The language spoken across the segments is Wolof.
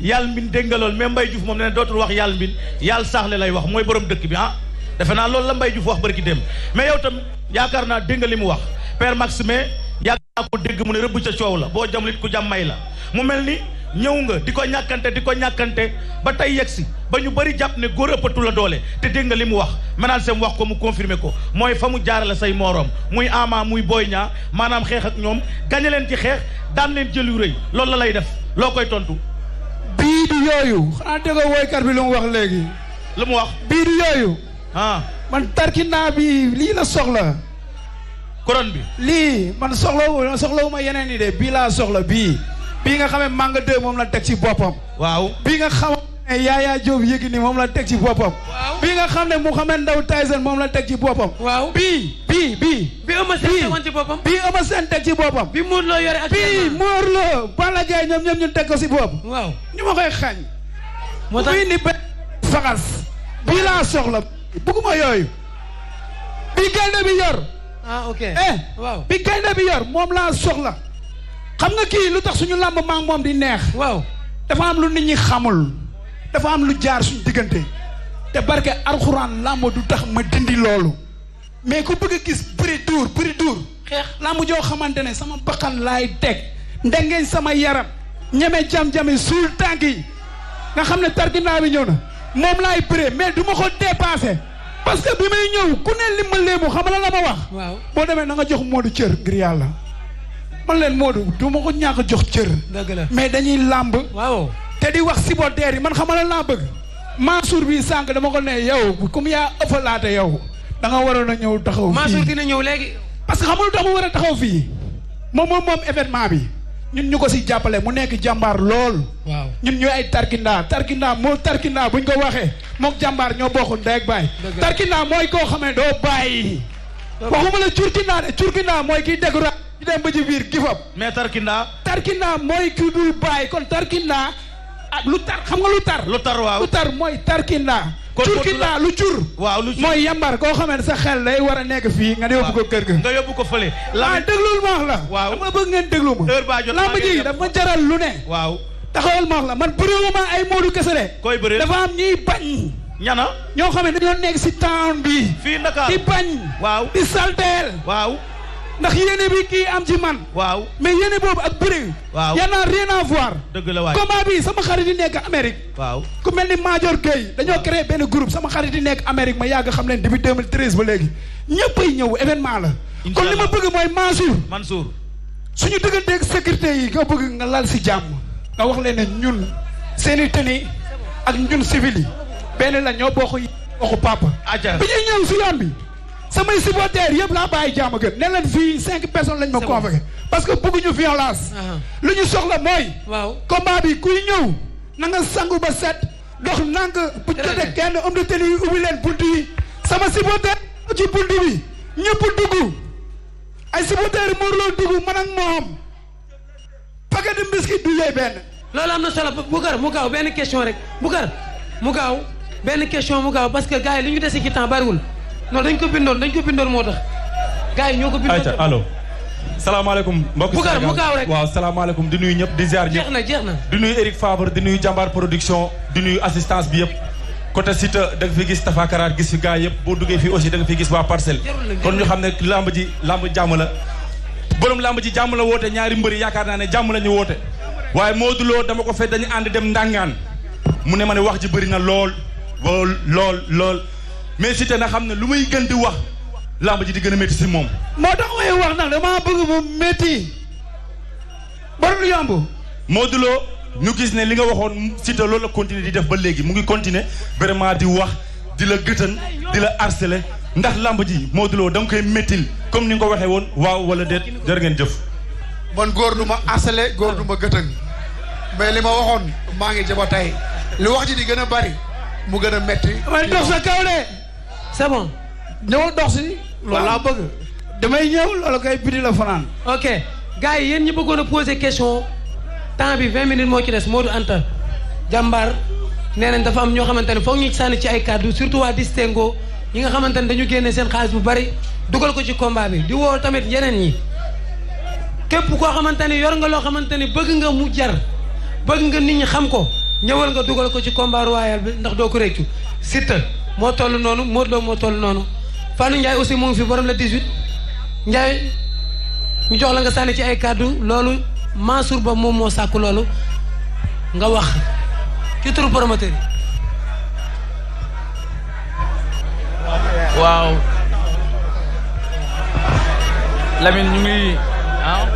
yàll mbin dégg nga loolu mais Mbaye Diouf moom nee na dootul wax yàll mbin yàll saaxle lay wax mooy borom dëkk bi ah defe naa loolu la Mbaye Diouf wax ki dem mais yow tam yaakaar naa dégg nga li mu wax père Maxime yaakaar ko dégg mu ne rëbb ca coow la boo jamlit ku jàm may la mu mel ni ñëw nga di ko ñàkkante di ko ñàkkante ba tey yegsi ba ñu bari jàpp ne góor ëppatu la doole te dégg nga li mu wax maanaam seen wax ko mu confirmer ko mooy fa mu jaarale say mooroom muy ama muy booy ñaa maanaam xeex ak ñoom gañe leen ci xeex daan leen jël yu rëy loolu la lay def loo koy tontu yooyu xanaa déggoo woykat bi lu mu wax léegi lu mu wax biir yooyu ah man tarkinaa bi lii la soxla couronne bi lii man soxlawu soxlawu ma yeneen yi de bii laa soxla bii bii nga xamee manga deux moom la teg ci boppam waaw bii nga xam ne Yaya Diop Yékini moom la teg ci boppam. bi nga xam ne Mouhamed Ndao Tyson moom la teg ci boppam. waaw bii bii bii. bi Eumeu Sène ci boppam. bii Eumeu Sène teg ci boppam. bi Modou Lo yore ak. bii Modou Lo ñoom ñoom ñu teg ko si bopp. waaw ñu ma koy xañ. moo tax bii ni benn faxas. bii laa soxla bëgguma yooyu. bi gaynde bi yor. ah ok eh, waaw bi gaynde bi yor moom la soxla. xam nga kii lu tax suñu làmb maa moom di neex. waaw dafa am lu nit ñi xamul. dafa am lu jaar suñ diggante te barke alxuraan làmb du tax ma dindi loolu mais ku bëgg gis bëri duur bëri duur xeex làmb joo xamante ne sama bakkan laay teg ndengeñ sama yaram ñeme jam-jame suul tànk yi nga xam ne tarkinaa bi ñëw na moom laay bëree mais du ma ko dépassé parce que bi may ñëw ku ne li ma léemu xam la la ma wax waaw boo demee na nga jox Modou cër ngir yàlla man leen Modou du ko ñàkk jox cër mais dañuy làmb waaw te di wax supporters yi man xamal laa bëgg Mansour bi sànq dama ko ne yow comme yaa ëffalaate yow da waroon a ñëw taxaw fii Mansour dina ñëw léegi. parce que xam nga tax mu war taxaw fii moom moom moom événement bi ñun ñu ko si jàppale mu nekk jàmbaar lool. waaw ñun ñooy ay tarkindaa tarkindaa moo tarkindaa buñ ko waxee moom jàmbaar ñoo bokk ndey ak baay. mooy koo xamee doo bàyyi. waxuma la curkindaa de curkindaa mooy kii dégg ra dem ba ci biir gifab. mais tarkindaa. tarkindaa mooy ki dul bàyyi kon tarkindaa. ah lu tar xam nga lu tar. lu tar waaw lu tar mooy tarkindaa. curkindaa lu cur. waaw lu cur mooy yambar koo xamee ne sa xel day war a nekk fii nga yóbbu ko kër ga. nga yóbbu ko fële. ah déglul ma la. waaw dama bëgg ngeen déglu ma. heure baa jot lamb ji dafa jaral lu ne. waaw taxawal ma wax la man bëriwuma ay Modou Kese de. koy dafa am ñuy bañ. ñana ñoo xam ne dañoo nekk si town bi. fii Ndakaar di bañ. waaw di salteel. waaw. ndax yéene bi kii am ci man. waaw mais yéene boobu ak bëre. waaw yal naa rien à voir. dëgg la waay combat bi sama xarit yi nekk Amérique. waaw ku mel ni Major Gueye dañoo créé benn groupe sama xarit yi nekk Amérique ma yàgg xam leen depuis 2013 ba léegi ñëppay ñëw événement la. kon li ma bëgg mooy Mansour. Mansour suñu dëgganteeg sécurité yi nga bëgg nga lal si jàmm. nga wax leen ne ñun seen i tenue ak ñun civil yi benn la ñoo bokk yi waxu papa. bi ñuy ñëw si yoon bi. samay supporters yëpp laa bàyyi jàmm gën ne leen fii cinq personnes lañ ma convoqué parce que bëgguñu violence ah. lu ñu soxla mooy waaw combat bi kuy ñëw na nga sangu ba set dox nank bu jotee kenn homme de tenue yi ubbi leen bunt yi sama supporter ci bunt bi ñëpp dugg ay supporters Modou Lo dugg man ak moom paquet de biscuit du yooyu benn loolu am na solo Boucar mu gaaw benn question rek Boucar mu gaaw benn question mu gaaw parce que gars yi li ñu des ci temps bariwul non dañ ko bindoon dañ ko bindoon moo tax. gars yi ñoo ko bindoon ayca allo. salaamaaleykum mbokk Sénégal bu gaaw rek waaw salaamaaleykum di nuyu ñëpp di ziar ñëpp jeex na jeex na. di nuyu Eric Fabre di nuyu Jambar production di nuyu assistance bi yëpp. côté site da nga fi gis Tafa Karaat gis fi gars yëpp boo duggee fi aussi da nga fi gis waa parcel kon ñu xam ne lamb ji lamb jàmm la. borom lamb ji jàmm la woote ñaari mbëri yaakaar naa ne jàmm la ñu woote. waaye Modou Lo dama ko fekk dañu ànd dem ndàngaan mu ne ma ne wax ji bëri na lool lool lool lool mais Siteu na xam ne lu muy gën di wax làmb ji di gën a métti si moom. moo tax may wax nag damaa bëgg mu métti bari lu yomb. Modou Lo ñu gis ne li nga waxoon Siteu loolu la continuer di def ba léegi mu ngi continuer vraiment di wax di la gëtën di la harceler ndax làmb ji Modou Lo da nga koy méttil comme ni nga ko waxee woon waaw wala déet jërë ngeen jëf. man góor du ma harceler góor du ma gëtën mais li ma waxoon maa ngi jëm a tey li wax ji di gën a bari mu gën a métti. c'est bon. ñëwal dox si. loolu laa bëgg. damay ñëw loolu kay biti la fanaan. ok gars yi yéen ñi bëggoon a poser question temps bi 20 moo ci des Modou Anta jàmbaar nee nañ dafa am ñoo xamante ne foog ñu sànni ci ay kàddu surtout waa Distingo ñi nga xamante ne dañu génne seen xaalis bu bari dugal ko ci combat bi di woo tamit yeneen yi képp koo xamante ne yor nga loo xamante ne bëgg nga mu jar bëgg nga nit ñi xam ko ñëwal nga dugal ko ci combat royal ndax doo ko réccu Siteu moo toll noonu Modou Lo moo toll noonu Fallou Ndiaye aussi mu ngi fi borom la 18 Ndiaye mu jox la nga sànni ci ay kàddu loolu Mansour ba moom moo sàkku loolu nga wax ci turu promoteur yi waaw Lamine ñu ngi ah.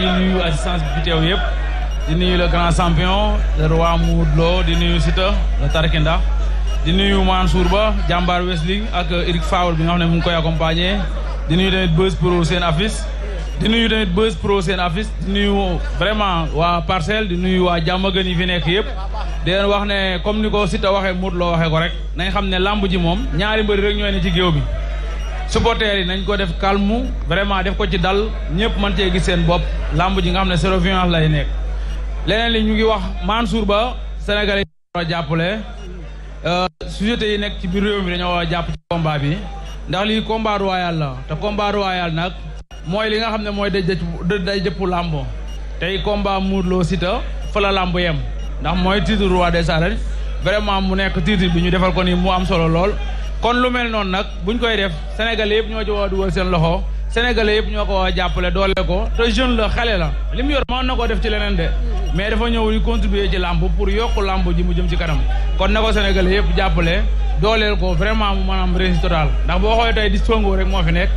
di nuyu assistance bi fi teew yëpp di nuyu le grand champion le roi Modou Lo di nuyu Siteu le Tarkinda di nuyu Mansour Ba jàmbaar Wrestling ak Eric Faoul bi nga xam ne mu ngi koy accompagner di nuyu tamit Buzz Pro seen affiche di nuyu tamit Buzz Pro seen affiche di nuyu vraiment waa parcelle di nuyu waa Jàmmagën yi fi nekk yëpp di leen wax ne comme ni ko Siteu waxee Modou Lo waxee ko rek nañ xam ne lamb ji moom ñaari mbëri rek ñooy ne ci géew bi supporters yi nañ ko def kalmu vraiment def ko ci dal ñëpp man cee gis seen bopp làmb ji nga xam ne zéro violence lay nekk leneen li ñu ngi wax Mansour Ba Sénégalais yi war a jàppale euh, société nekk ci biir réew mi dañoo war jàpp ci combat bi ndax lii combat royal la te combat royal nag mooy li nga xam ne mooy day day jëpp làmb tey combat Modou Lo Siteu fa la yem ndax mooy titre roi des arènes vraiment mu nekk titre bi ñu defal ko ni mu am solo lool kon lu mel noonu nag buñ koy def sénégalais yëpp ñoo ci woo dugal seen loxo sénégalais yëpp ñoo ko woo jàppale doole ko te jeune la xale la li mu yor mën na koo def ci leneen de mais dafa ñëw yu contribuer ci làmb pour yokk làmb ji mu jëm ci kanam kon na ko sénégalais yëpp jàppale dooleel ko vraiment mu maanaam réussite totale ndax boo xoolee tey di songo rek moo fi nekk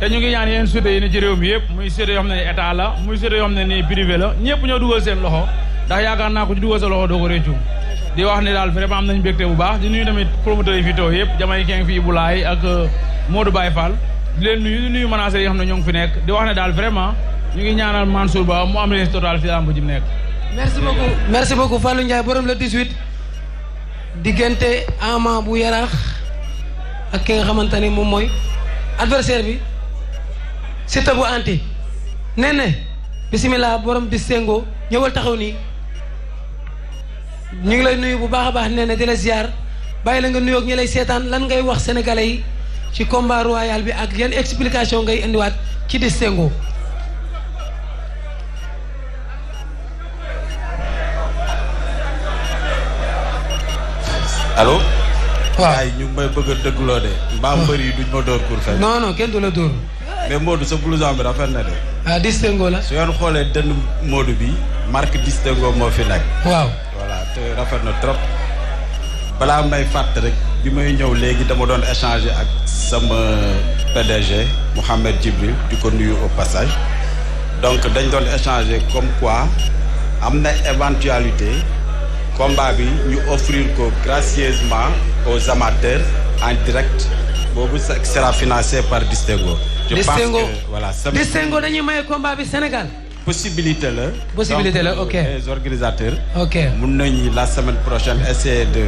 te ñu ngi ñaan yeen sociétés yi ne ci réew yëpp muy sociétés yoo xam ne état la muy sociétés yoo xam ñëpp ñoo dugal seen loxo ndax yaakaar naa ko ci dugal sa loxo doo di wax ne daal vraiment am nañu mbégte bu baax di nuyu tamit promoteurs yi fi toog yëpp jamay keng fi Ibou Laye ak euh, Modou Baye Fall di leen nuyu di nuyu yi xam ne ñoo ngi fi nekk di wax ne daal vraiment ñu ngi ñaanal Mansour Ba mu am les total fi lamb ji mu nekk. merci beaucoup merci beaucoup Fallou Ndiaye borom le diggante Ama bu yaraax ak ki nga xamante ni moom mooy adversaire bi Siteu bu anti nee na bisimilah borom bi sengo ñëwal taxaw nii. ñu ngi lay nuyu bu baax a baax nee na di la ziar bàyyi la nga nuyoog ñi lay seetaan lan ngay wax sénégalais yi ci combat royal bi ak yan explication ngay indiwaat ci distingo allo. waaw ñu ngi may bëgg a dëggloo de. mbaa mbër la dóor. sa blouson bi rafet na de. ah la. su yoon xoolee dënn Modou bi marque distingo moo fi nekk. waaw. rafet na trop balaa may fàtt rek bi may ñëw léegi dama doon échanger ak sama PDG Mouhamed Djibril di ko nuyu au passage donc dañ doon échanger comme quoi am na éventualité combat bi ñu offrir ko gracieusement aux amateurs en direct boobu sera financé par Distingo. Distingo dañuy maye combat bi Sénégal. possibilité la. possibilité la ok organisateurs. ok mun nañu la semaine prochaine essayer de.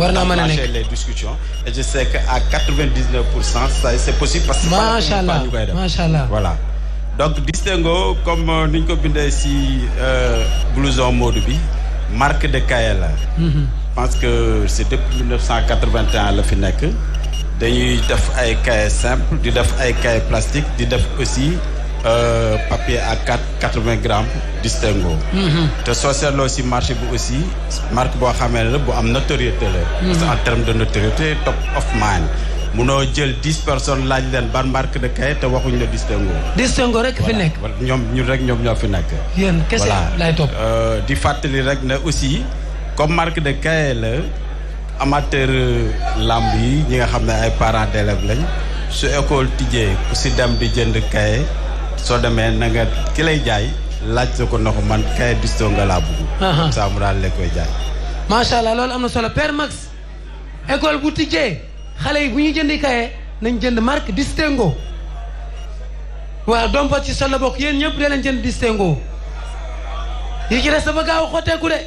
war naa mën a nekk les discussions. et je sais que à pour cent ça c' est possible. parce que macha allah macha allah voilà. donc distingo comme euh, ni ñu ko bindee si euh, blouson mode bi marque de Kaye la. parce mm-hmm. que c' est depuis cent quatre vingt la fi nekk. dañuy def ay cahier simple di def ay cahier plastique di def aussi. Euh, papier à quatre quatre-vingts grammes distingo mm-hmm. te soo seetloo si marché bi aussi marque boo xamee ne la bu am notoriété la mm-hmm. parce que en terme de notoriété top of mind munoo jël dix personnes laaj leen ban marque de kay te waxuñ la distingo distingo rek fi nekk ñoom ñun rek ñoom ñoo fi nekk yéen kese lay topp euh, di fàttali rek ne aussi comme marque de kay la amateur euh, lamb yi ñi nga xam ne ay parents d'élèves lañ su école tijjee ku si dem di jënd kay soo demee na ki lay jaay laaj ko ndox man kay bisto nga laa bugg. saa mu daal la koy jaay. macha allah loolu am na solo Père école bu tijjee xale yi bu ñu jëndi kaye nañ jënd marque distingo waaw doom ci sol la bokk yéen ñëpp dee leen jënd distingo yi ci des dafa gaaw a xotteeku de.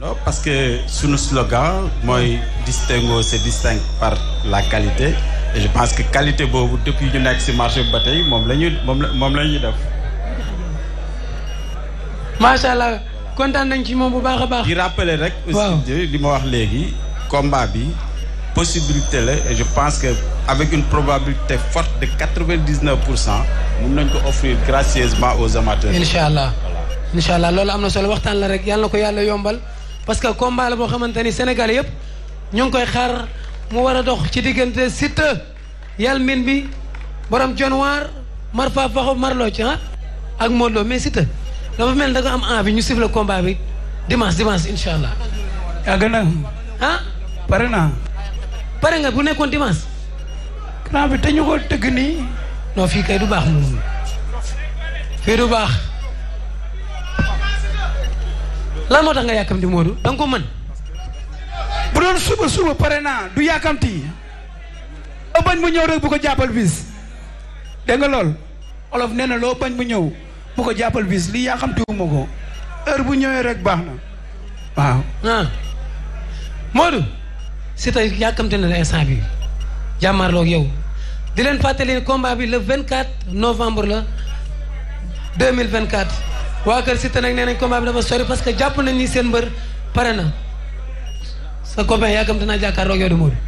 non parce que sunu slogan mooy distingo se distingue par la qualité. et je pense que qualité boobu depuis ñu nekk ci marché bi ba tey moom la moom la moom la ñuy def. macha allah kontaan nañ ci moom bu baax a baax. di rappeler rek. aussi li ma wax léegi combat bi possibilité la et je pense que avec une probabilité forte de quatre-vingt-dix-neuf pour cent mun nañ ko offrir gracieusement aux amateurs. incha allah incha allah loolu am na solo waxtaan la rek yàlla na ko yàlla yombal parce que combat la boo xamante ni Sénégal yëpp ñu ngi koy xaar. mu war a dox ci diggante Siteu Yalmin bi borom jonwaar mar fa faxo marloo ci ah ak Modou mais Siteu dafa mel da nga am envie ñu siffle combat bi dimanche dimanche incha allah. yàgg na. ah. pare naa. pare nga bu nekkoon dimanche. grand bi te ñu ko tëgg nii. non fii kay du baax moom fii du baax. lan moo tax nga yàkkam di Modou da ko man bu doon suba suba pare naa du yàkkamti loo bañ mu ñëw rek bu ko jàppal biis dégg lool olof nee na loo bañ mu ñëw bu ko jàppal biis bis lii yàkkamtiwuma ko heure bu ñëwee rek baax na waaw. ah Modou si tey yàkkamti na la instant bi jàmmaarloog yow di leen fàttali combat bi le 24 novembre la 2024 waa Kër Siteu nag nee nañ combat bi dafa sori parce que jàpp nañ ni seen mbër pare na. sa copain yàkkamti naa jàkkaarloo ak yow de Modou.